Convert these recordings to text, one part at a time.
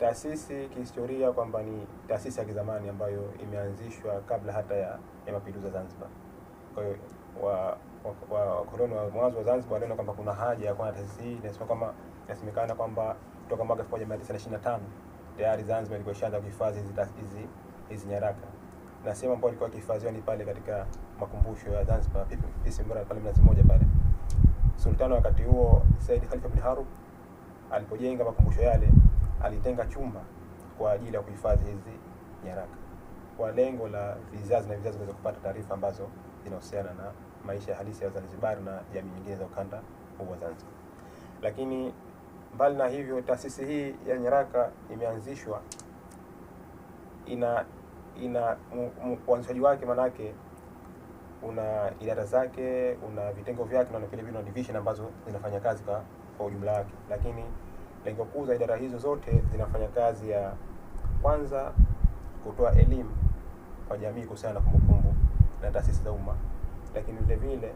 taasisi kihistoria kwamba ni taasisi ya kizamani ambayo imeanzishwa kabla hata ya, ya mapinduzi ya Zanzibar. Kwa hiyo wakoloni wa, wa, wa mwanzo wa Zanzibar waliona kwamba kuna haja ya kuwa na taasisi hii. Inasemekana kwamba toka mwaka 1925 tayari Zanzibar ilikuwa ishaanza kuhifadhi hizi hizi nyaraka, na sehemu ambayo ilikuwa ikihifadhiwa ni pale katika makumbusho ya Zanzibar Peace Memorial pale Mnazi Mmoja pale. Sultani wakati huo Said Khalifa bin Harub alipojenga makumbusho yale alitenga chumba kwa ajili ya kuhifadhi hizi nyaraka kwa lengo la vizazi na vizazi viweze kupata taarifa ambazo zinahusiana na maisha halisi ya Zanzibar na jamii nyingine za ukanda huu wa Zanzibar. Lakini mbali na hivyo, taasisi hii ya nyaraka imeanzishwa, ina ina uanzishaji wake manake una idara zake, una vitengo vyake na vile vile division ambazo zinafanya kazi kwa ujumla wake, lakini Lengo kuu za idara hizo zote zinafanya kazi ya kwanza, kutoa elimu kwa jamii kuhusiana na kumbukumbu na taasisi za umma, lakini vile vile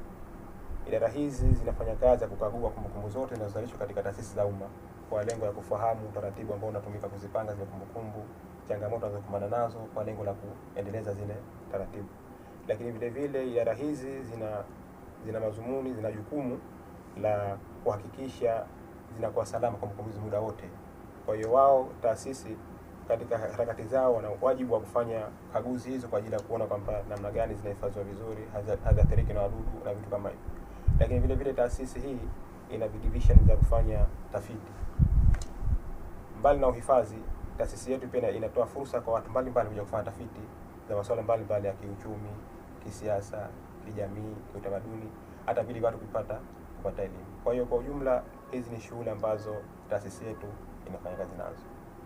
idara hizi zinafanya kazi ya kukagua kumbukumbu zote zinazozalishwa katika taasisi za umma kwa lengo la kufahamu utaratibu ambao unatumika kuzipanga zile kumbukumbu, changamoto zinazokumbana nazo kwa lengo la kuendeleza zile taratibu. Lakini vile vile idara hizi zina zina mazumuni, zina jukumu la kuhakikisha zinakuwa salama kwa mkombozi muda wote. Kwa hiyo wao taasisi katika harakati zao wana wajibu wa kufanya kaguzi hizo kwa ajili ya kuona kwamba namna gani zinahifadhiwa vizuri, haziathiriki na wadudu na vitu kama hivyo. Lakini vile vile taasisi hii ina division za kufanya tafiti. Mbali na uhifadhi, taasisi yetu pia inatoa fursa kwa watu mbalimbali kuja kufanya tafiti za masuala mbalimbali ya kiuchumi, kisiasa, kijamii, kiutamaduni, hata vile watu kupata kupata elimu. Kwa hiyo kwa ujumla, hizi ni shughuli ambazo taasisi yetu inafanya kazi nazo.